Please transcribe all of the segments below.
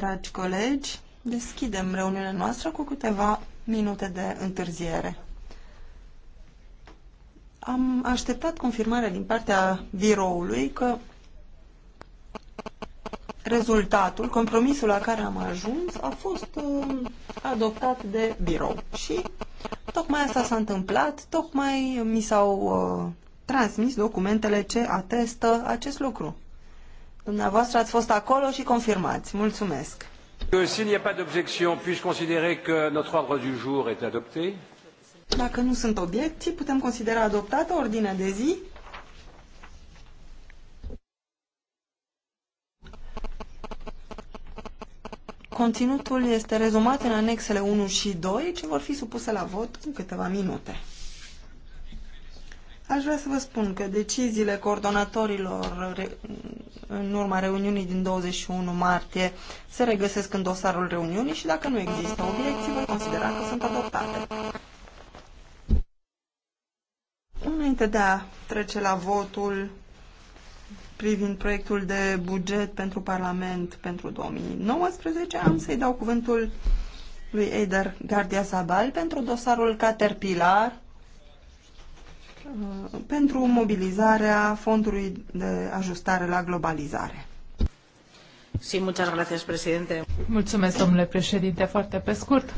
Dragi colegi, deschidem reuniunea noastră cu câteva minute de întârziere. Am așteptat confirmarea din partea biroului că rezultatul, compromisul la care am ajuns, a fost uh, adoptat de birou. Și tocmai asta s-a întâmplat, tocmai mi s-au uh, transmis documentele ce atestă acest lucru. Dumneavoastră ați fost acolo și confirmați. Mulțumesc. Dacă nu sunt obiecții, putem considera adoptată ordinea de zi. Conținutul este rezumat în anexele 1 și 2, ce vor fi supuse la vot în câteva minute. Aș vrea să vă spun că deciziile coordonatorilor în urma reuniunii din 21 martie se regăsesc în dosarul reuniunii și dacă nu există obiecții, voi considera că sunt adoptate. Înainte de a trece la votul privind proiectul de buget pentru Parlament pentru 2019, am să-i dau cuvântul lui Eider Gardia Zabal pentru dosarul Caterpillar Uh, pentru mobilizarea fondului de ajustare la globalizare. Sí, muchas gracias, presidente. Mulțumesc, domnule președinte, foarte pe scurt,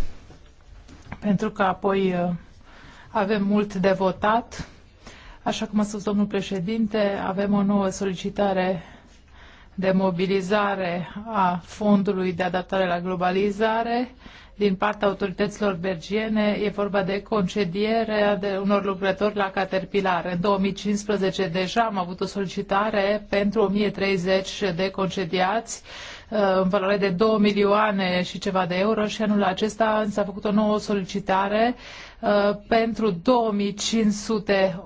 pentru că apoi uh, avem mult de votat. Așa cum a spus domnul președinte, avem o nouă solicitare de mobilizare a Fondului de Adaptare la Globalizare din partea autorităților bergiene E vorba de concedierea de unor lucrători la Caterpillar. În 2015 deja am avut o solicitare pentru 1030 de concediați uh, în valoare de 2 milioane și ceva de euro și anul acesta s-a făcut o nouă solicitare uh, pentru 2587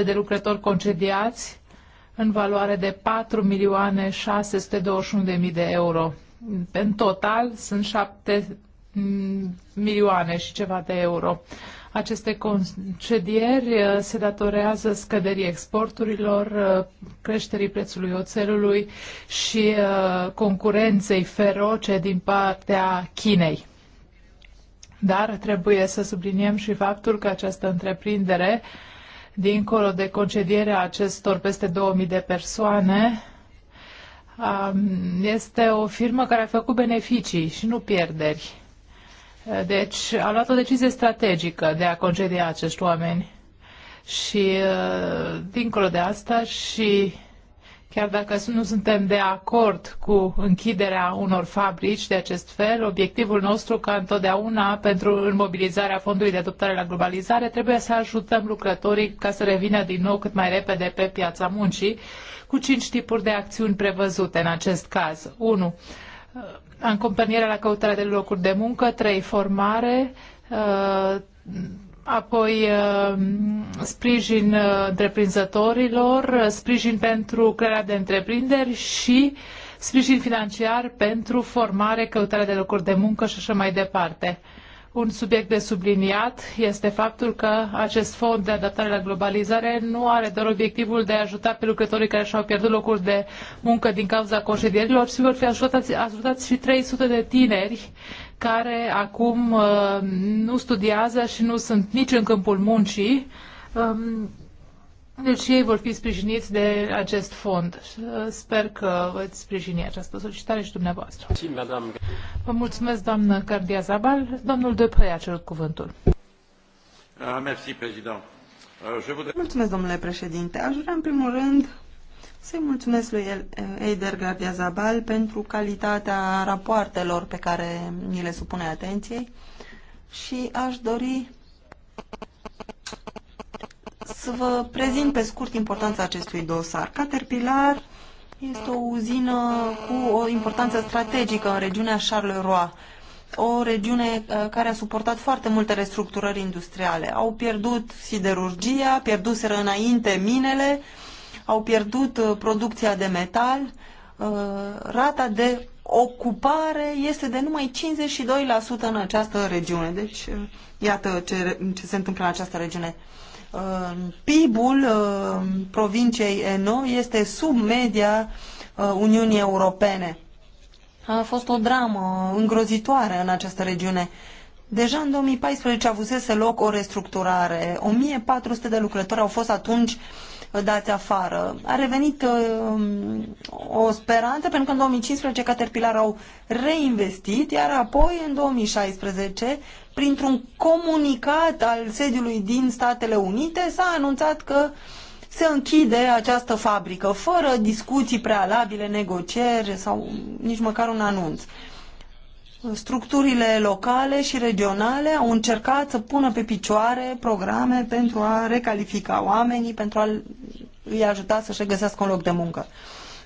um, de lucrători concediați în valoare de 4 milioane 621 de mii de euro. În total sunt 7 milioane și ceva de euro. Aceste concedieri uh, se datorează scăderii exporturilor, uh, creșterii prețului oțelului și uh, concurenței feroce din partea Chinei. Dar trebuie să subliniem și faptul că această întreprindere uh, dincolo de concedierea acestor peste 2000 de persoane, este o firmă care a făcut beneficii și nu pierderi. Deci a luat o decizie strategică de a concedia acești oameni. Și uh, dincolo de asta și Chiar dacă nu suntem de acord cu închiderea unor fabrici de acest fel, obiectivul nostru ca întotdeauna pentru mobilizarea fondului de adoptare la globalizare trebuie să ajutăm lucrătorii ca să revină din nou cât mai repede pe piața muncii cu cinci tipuri de acțiuni prevăzute în acest caz. 1. acompanierea la căutarea de locuri de muncă, 3. Formare, apoi uh, sprijin uh, întreprinzătorilor, sprijin pentru crearea de întreprinderi și sprijin financiar pentru formare, căutarea de locuri de muncă și așa mai departe. Un subiect de subliniat este faptul că acest fond de adaptare la globalizare nu are doar obiectivul de a ajuta pe lucrătorii care și-au pierdut locuri de muncă din cauza concedierilor, ci vor fi ajutați, ajutați și 300 de tineri care acum uh, nu studiază și nu sunt nici în câmpul muncii. Um, deci ei vor fi sprijiniți de acest fond. Uh, sper că veți sprijini această solicitare și dumneavoastră. Vă mulțumesc, doamnă Cardia Zabal. Domnul Depre a cerut cuvântul. Uh, mulțumesc, domnule președinte. Aș vrea, în primul rând, să-i mulțumesc lui Eider Gardia Zabal pentru calitatea rapoartelor pe care ni le supune atenției și aș dori să vă prezint pe scurt importanța acestui dosar. Caterpillar este o uzină cu o importanță strategică în regiunea Charleroi, o regiune uh, care a suportat foarte multe restructurări industriale. Au pierdut siderurgia, pierduseră înainte minele, au pierdut uh, producția de metal, uh, rata de ocupare este de numai 52% în această regiune. Deci, uh, iată ce, ce se întâmplă în această regiune. PIB-ul provinciei Eno este sub media Uniunii Europene. A fost o dramă îngrozitoare în această regiune. Deja în 2014 avusese loc o restructurare. 1400 de lucrători au fost atunci dați afară. A revenit um, o speranță pentru că în 2015 Caterpillar au reinvestit, iar apoi în 2016 printr-un comunicat al sediului din Statele Unite s-a anunțat că se închide această fabrică fără discuții prealabile, negocieri sau nici măcar un anunț structurile locale și regionale au încercat să pună pe picioare programe pentru a recalifica oamenii, pentru a îi ajuta să-și găsească un loc de muncă.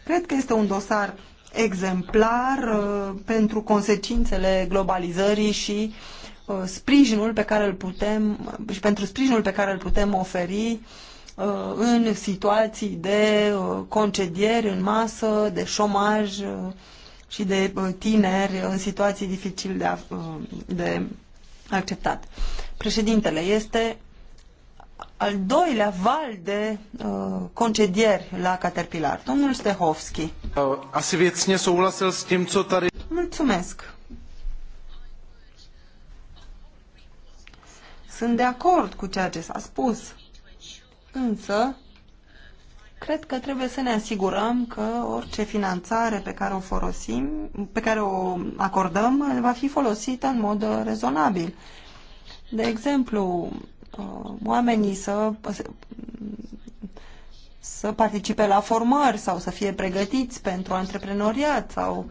Cred că este un dosar exemplar uh, pentru consecințele globalizării și uh, sprijinul pe care îl putem și pentru sprijinul pe care îl putem oferi uh, în situații de uh, concedieri în masă, de șomaj, uh, și de uh, tineri în situații dificil de, a, uh, de acceptat. Președintele, este al doilea val de uh, concedieri la Caterpillar. Domnul Stehovski. Uh, asi věcně souhlasil s tím, co tady... Mulțumesc. Sunt de acord cu ceea ce s-a spus. Însă, Cred că trebuie să ne asigurăm că orice finanțare pe care o folosim, pe care o acordăm, va fi folosită în mod rezonabil. De exemplu, uh, oamenii să, să participe la formări sau să fie pregătiți pentru antreprenoriat sau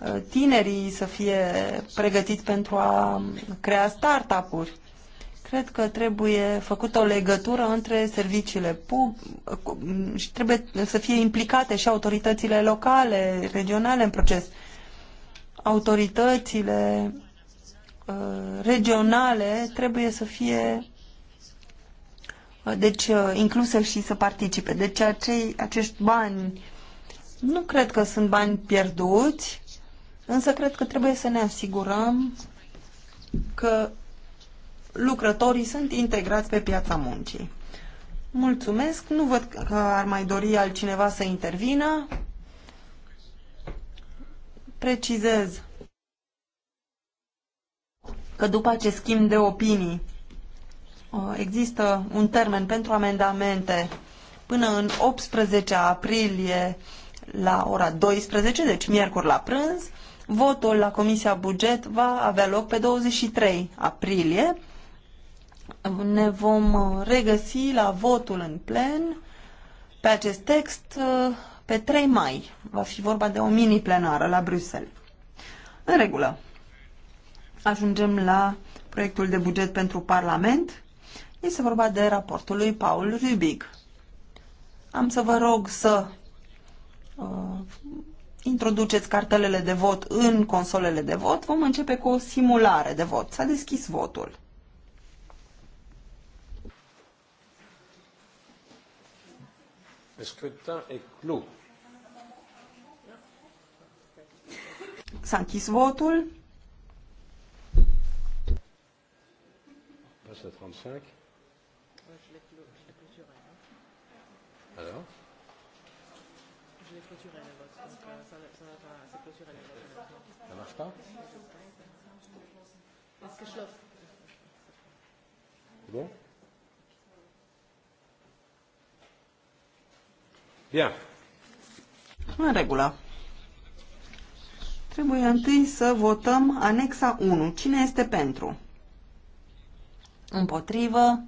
uh, tinerii să fie pregătiți pentru a crea startup-uri Cred că trebuie făcută o legătură între serviciile pub și trebuie să fie implicate și autoritățile locale, regionale în proces. Autoritățile uh, regionale trebuie să fie uh, deci uh, incluse și să participe. Deci acei, acești bani nu cred că sunt bani pierduți, însă cred că trebuie să ne asigurăm că lucrătorii sunt integrați pe piața muncii. Mulțumesc, nu văd că ar mai dori altcineva să intervină. Precizez că după acest schimb de opinii există un termen pentru amendamente până în 18 aprilie la ora 12, deci miercuri la prânz. Votul la Comisia Buget va avea loc pe 23 aprilie ne vom uh, regăsi la votul în plen pe acest text uh, pe 3 mai. Va fi vorba de o mini-plenară la Bruxelles. În regulă. Ajungem la proiectul de buget pentru Parlament. Este vorba de raportul lui Paul Rubic. Am să vă rog să uh, introduceți cartelele de vot în consolele de vot. Vom începe cu o simulare de vot. S-a deschis votul. Le scrutin est clos. S-a închis votul. 35. Alors Je l'ai clôturé le vote, donc euh, ça, marche pas Est-ce que je l'offre C'est bon Bine. În regulă. Trebuie întâi să votăm anexa 1. Cine este pentru? Împotrivă.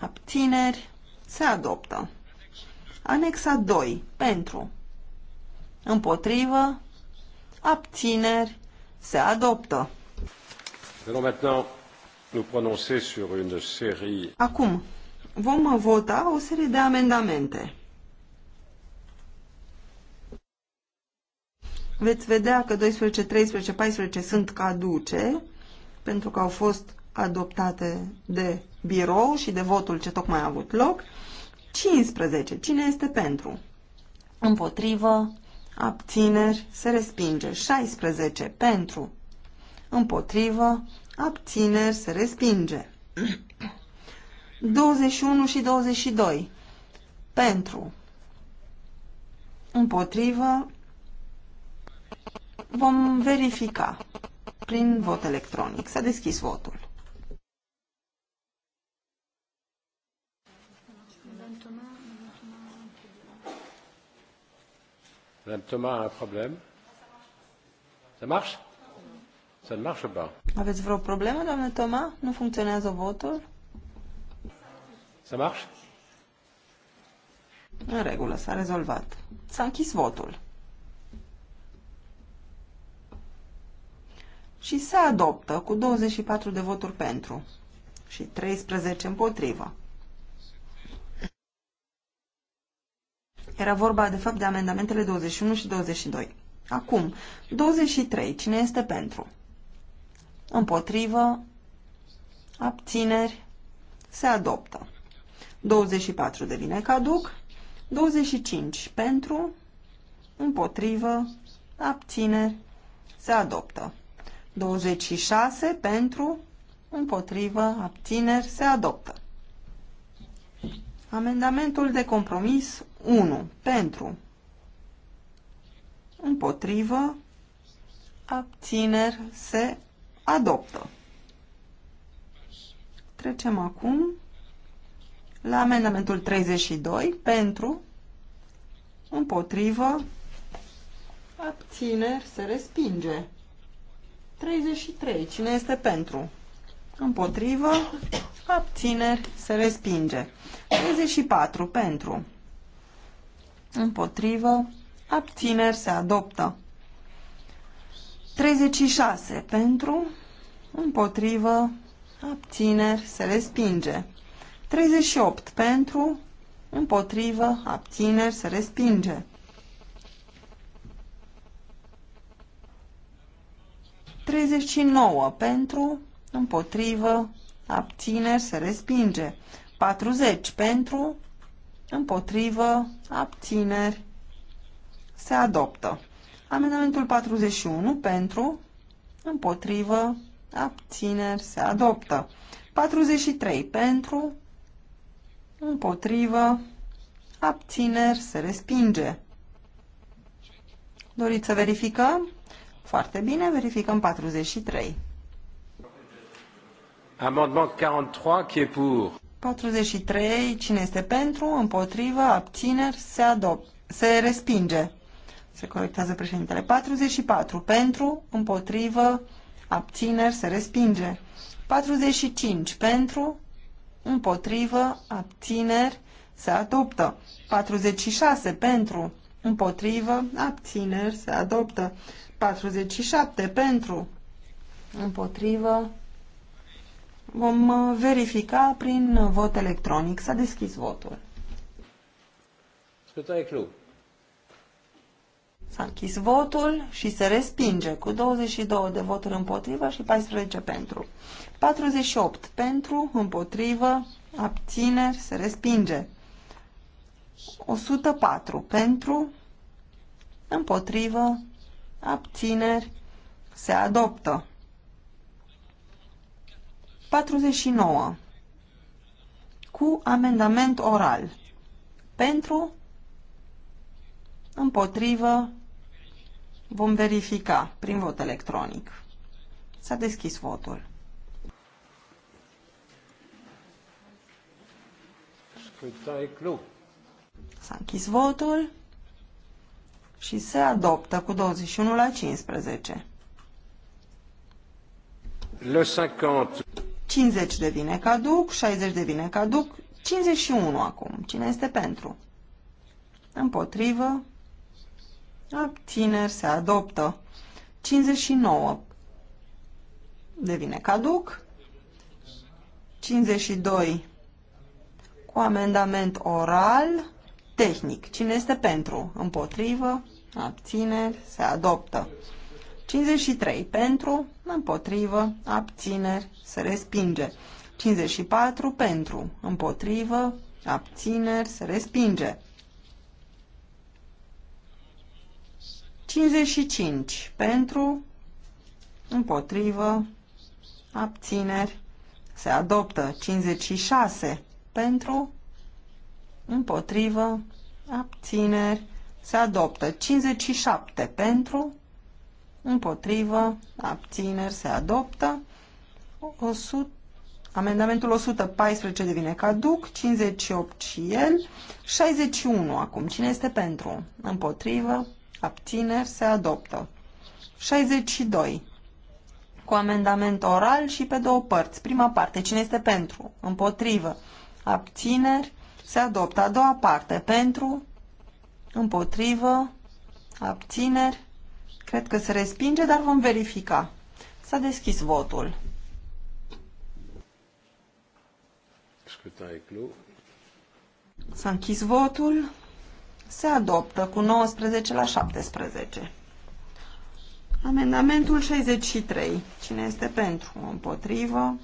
Abțineri. Se adoptă. Anexa 2. Pentru. Împotrivă. Abțineri. Se adoptă. Acum vom vota o serie de amendamente. Veți vedea că 12, 13, 14 sunt caduce pentru că au fost adoptate de birou și de votul ce tocmai a avut loc. 15. Cine este pentru? Împotrivă, abțineri, se respinge. 16. Pentru, împotrivă, abțineri, se respinge. 21 și 22. Pentru. Împotrivă. Vom verifica prin vot electronic. S-a deschis votul. Thomas un marche Aveți vreo problemă, doamnă Toma? Nu funcționează votul? Să marche? În regulă, s-a rezolvat. S-a închis votul. Și se adoptă cu 24 de voturi pentru și 13 împotrivă. Era vorba, de fapt, de amendamentele 21 și 22. Acum, 23. Cine este pentru? Împotrivă, abțineri, se adoptă. 24 devine caduc. 25 pentru, împotrivă, abține, se adoptă. 26 pentru, împotrivă, abțineri, se adoptă. Amendamentul de compromis 1 pentru, împotrivă, abțineri, se adoptă. Trecem acum la amendamentul 32, pentru, împotrivă, abțineri, se respinge. 33, cine este pentru? Împotrivă, abțineri, se respinge. 34, pentru, împotrivă, abțineri, se adoptă. 36, pentru, împotrivă, abțineri, se respinge. 38 pentru, împotrivă, abțineri, se respinge. 39 pentru, împotrivă, abțineri, se respinge. 40 pentru, împotrivă, abțineri, se adoptă. Amendamentul 41 pentru, împotrivă, abțineri, se adoptă. 43 pentru, împotrivă, abțineri, se respinge. Doriți să verificăm? Foarte bine, verificăm 43. Amendement 43, qui est pour? 43, cine este pentru, împotrivă, abțineri, se adopt, se respinge. Se corectează președintele. 44, pentru, împotrivă, abțineri, se respinge. 45, pentru, împotrivă, abțineri, se adoptă. 46 pentru, împotrivă, abțineri, se adoptă. 47 pentru, împotrivă. Vom uh, verifica prin vot electronic. S-a deschis votul. Scrutai club. S-a închis votul și se respinge cu 22 de voturi împotrivă și 14 pentru. 48 pentru, împotrivă, abțineri, se respinge. 104 pentru, împotrivă, abțineri, se adoptă. 49 cu amendament oral pentru, împotrivă, Vom verifica prin vot electronic. S-a deschis votul. S-a închis votul și se adoptă cu 21 la 15. Le 50. 50 devine caduc, 60 devine caduc, 51 acum. Cine este pentru? Împotrivă. Tineri se adoptă. 59 devine caduc. 52 cu amendament oral tehnic. Cine este pentru? Împotrivă? Abțineri se adoptă. 53 pentru, împotrivă, abțineri, se respinge. 54 pentru, împotrivă, abțineri, se respinge. 55 pentru, împotrivă, abțineri, se adoptă 56 pentru, împotrivă, abțineri, se adoptă 57 pentru, împotrivă, abțineri, se adoptă 100, amendamentul 114 devine caduc, 58 și el, 61 acum, cine este pentru, împotrivă, abțineri, se adoptă. 62. Cu amendament oral și pe două părți. Prima parte, cine este pentru? Împotrivă. Abțineri, se adoptă. A doua parte, pentru, împotrivă, abțineri. Cred că se respinge, dar vom verifica. S-a deschis votul. S-a închis votul se adoptă cu 19 la 17. Amendamentul 63. Cine este pentru? Împotrivă?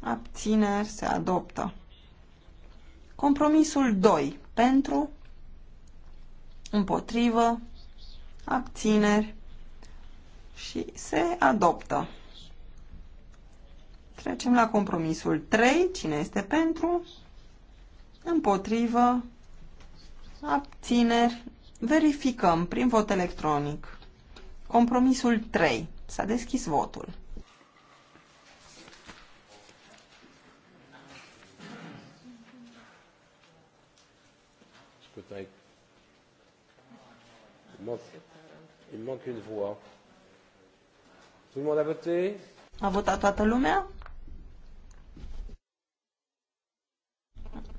Abțineri? Se adoptă. Compromisul 2. Pentru? Împotrivă? Abțineri? Și se adoptă. Trecem la compromisul 3. Cine este pentru? Împotrivă? abțineri, verificăm prin vot electronic. Compromisul 3. S-a deschis votul. a A votat toată lumea?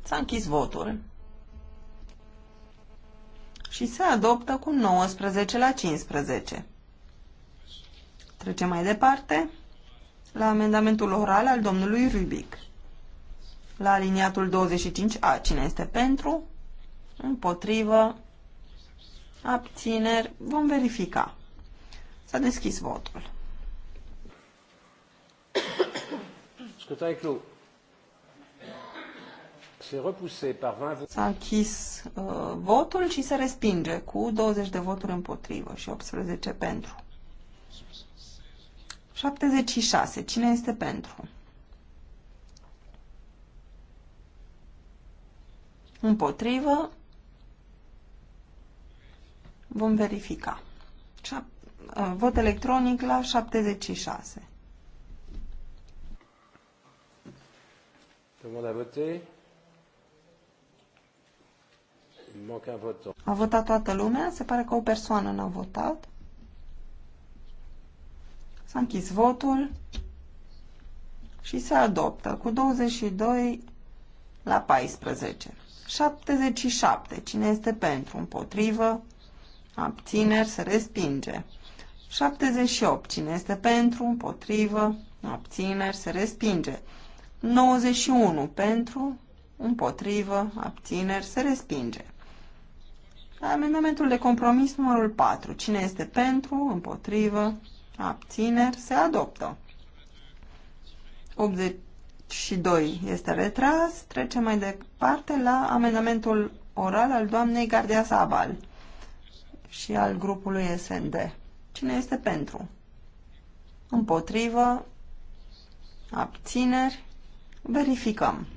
S-a închis votul și se adoptă cu 19 la 15. Trecem mai departe la amendamentul oral al domnului Rubic. La aliniatul 25A, cine este pentru? Împotrivă? Abțineri? Vom verifica. S-a deschis votul. Scutai, S-a închis uh, votul și se respinge cu 20 de voturi împotrivă și 18 pentru. 76. Cine este pentru? Împotrivă. Vom verifica. uh, vot electronic la 76. Tout le monde a da. A votat toată lumea? Se pare că o persoană n-a votat. S-a închis votul și se adoptă cu 22 la 14. 77. Cine este pentru? Împotrivă? Abțineri? Se respinge. 78. Cine este pentru? Împotrivă? Abțineri? Se respinge. 91. Pentru? Împotrivă? Abțineri? Se respinge. Amendamentul de compromis numărul 4. Cine este pentru, împotrivă, abțineri, se adoptă. 82 este retras. Trecem mai departe la amendamentul oral al doamnei Gardea Sabal și al grupului SND. Cine este pentru? Împotrivă, abțineri, verificăm.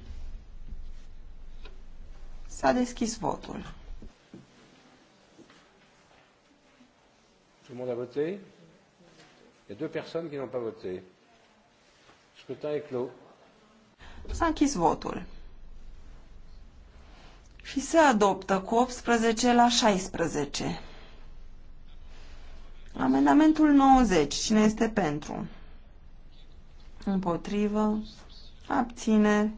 S-a deschis votul. Tout le monde a voté Il y a deux personnes qui n'ont pas voté. Scrutin est clos. S-a închis votul. Și se adoptă cu 18 la 16. Amendamentul 90. Cine este pentru? Împotrivă. Abține?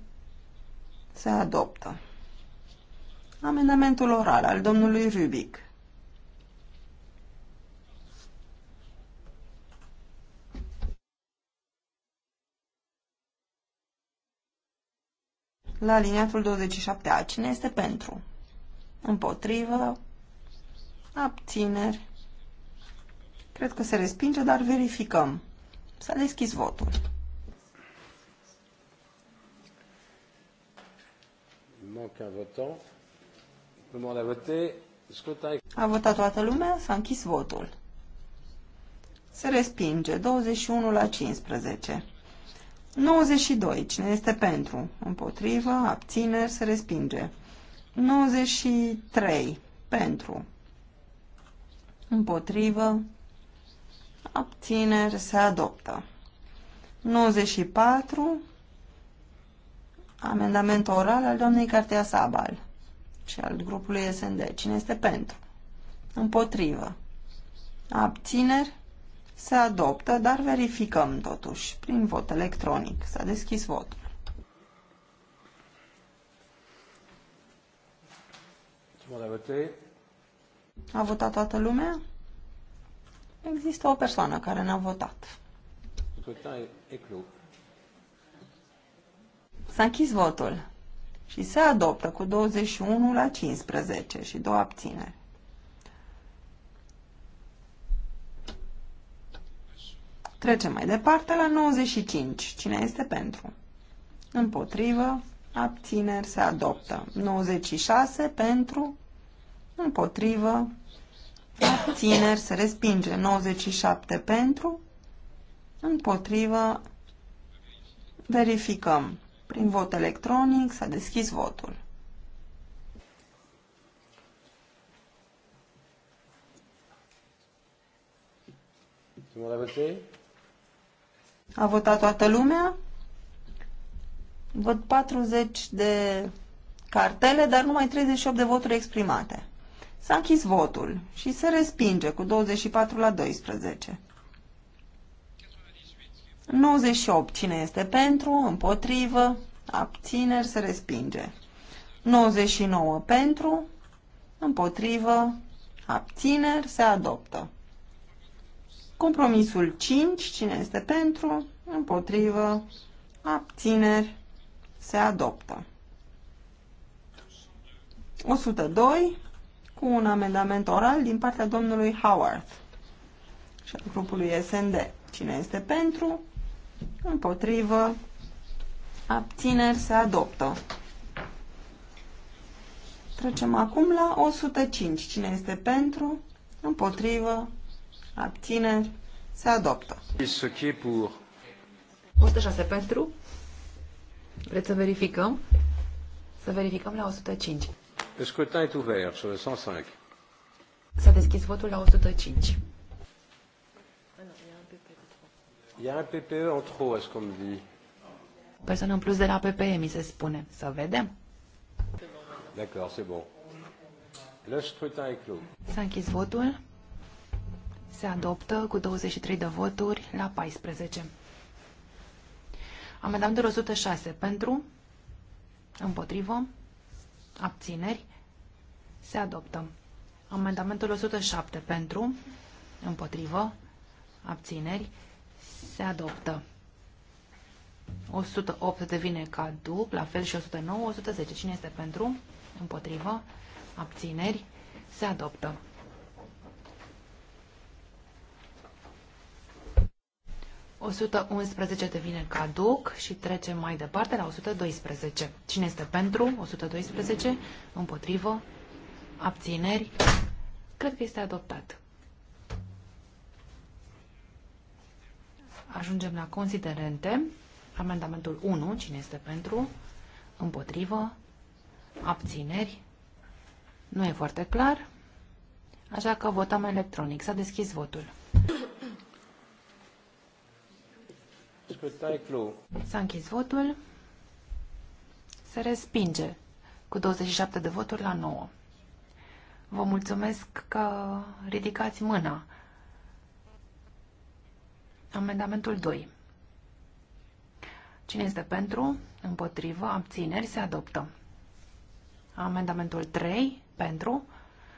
Se adoptă. Amendamentul oral al domnului Rubic. la aliniatul 27A. Cine este pentru? Împotrivă? Abțineri? Cred că se respinge, dar verificăm. S-a deschis votul. le a A votat toată lumea, s-a închis votul. Se respinge 21 la 15. 92. Cine este pentru? Împotrivă, abțineri, se respinge. 93. Pentru. Împotrivă, abțineri, se adoptă. 94. Amendament oral al doamnei Cartea Sabal și al grupului SND. Cine este pentru? Împotrivă. Abțineri, se adoptă, dar verificăm totuși prin vot electronic. S-a deschis votul. A votat toată lumea? Există o persoană care n-a votat. S-a închis votul și se adoptă cu 21 la 15 și două abțineri. Trecem mai departe la 95. Cine este pentru? Împotrivă. Abțineri se adoptă. 96 pentru. Împotrivă. Abțineri se respinge. 97 pentru. Împotrivă. Verificăm. Prin vot electronic s-a deschis votul. Tout le monde a a votat toată lumea. Văd 40 de cartele, dar numai 38 de voturi exprimate. S-a închis votul și se respinge cu 24 la 12. 98. Cine este pentru? Împotrivă? Abțineri? Se respinge. 99 pentru? Împotrivă? Abțineri? Se adoptă. Compromisul 5, cine este pentru, împotrivă, abțineri, se adoptă. 102, cu un amendament oral din partea domnului Howard și al grupului SND. Cine este pentru, împotrivă, abțineri, se adoptă. Trecem acum la 105. Cine este pentru, împotrivă, abțineri, se adoptă. 106 pentru. Vreți să verificăm? Să verificăm la 105. Le scrutin est ouvert sur le 105. S-a deschis votul la 105. Il y a un PPE en trop, est-ce qu'on me dit Personne în plus de la PPE, mi se spune. Să vedem. D'accord, c'est bon. Le scrutin est clos. S-a închis votul. Se adoptă cu 23 de voturi la 14. Amendamentul 106 pentru, împotrivă, abțineri, se adoptă. Amendamentul 107 pentru, împotrivă, abțineri, se adoptă. 108 devine caduc, la fel și 109, 110. Cine este pentru? Împotrivă, abțineri, se adoptă. 111 devine caduc și trecem mai departe la 112. Cine este pentru? 112. Împotrivă. Abțineri. Cred că este adoptat. Ajungem la considerente. Amendamentul 1. Cine este pentru? Împotrivă. Abțineri. Nu e foarte clar. Așa că votăm electronic. S-a deschis votul. S-a închis votul. Se respinge cu 27 de voturi la 9. Vă mulțumesc că ridicați mâna. Amendamentul 2. Cine este pentru? Împotrivă? Abțineri? Se adoptă. Amendamentul 3. Pentru?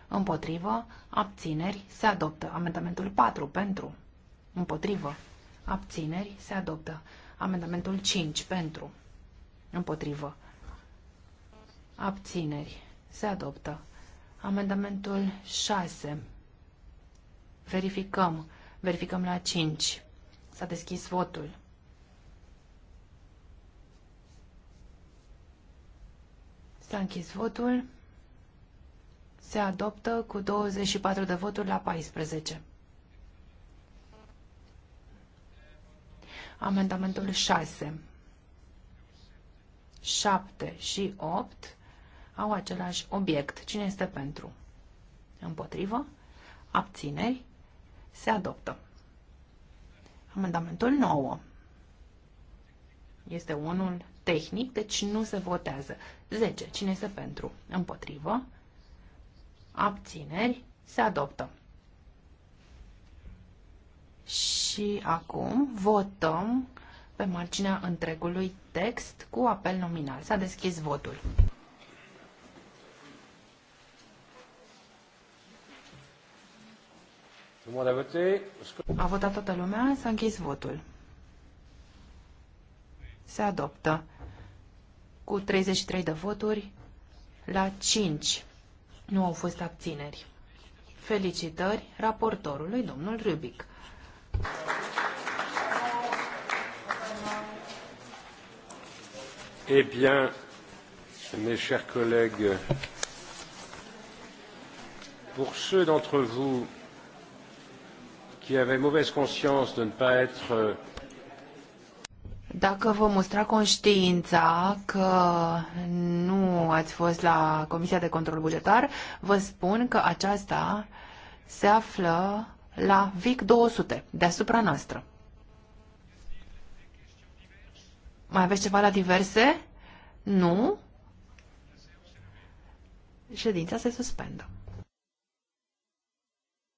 Împotrivă? Abțineri? Se adoptă. Amendamentul 4. Pentru? Împotrivă? abțineri, se adoptă. Amendamentul 5 pentru, împotrivă, abțineri, se adoptă. Amendamentul 6. Verificăm. Verificăm la 5. S-a deschis votul. S-a închis votul. Se adoptă cu 24 de voturi la 14. Amendamentul 6, 7 și 8 au același obiect. Cine este pentru? Împotrivă? Abțineri? Se adoptă. Amendamentul 9. Este unul tehnic, deci nu se votează. 10. Cine este pentru? Împotrivă? Abțineri? Se adoptă. Și acum votăm pe marginea întregului text cu apel nominal. S-a deschis votul. A votat toată lumea, s-a închis votul. Se adoptă cu 33 de voturi la 5. Nu au fost abțineri. Felicitări raportorului domnul Rubic. Eh bien, mes chers collègues, pour ceux d'entre vous qui avaient mauvaise conscience de ne pas être euh, dacă vă mustra conștiința că nu ați fost la Comisia de Control Bugetar, vă spun că aceasta se află la VIC 200, deasupra noastră. Mai aveți ceva la diverse? Nu? Ședința se suspendă.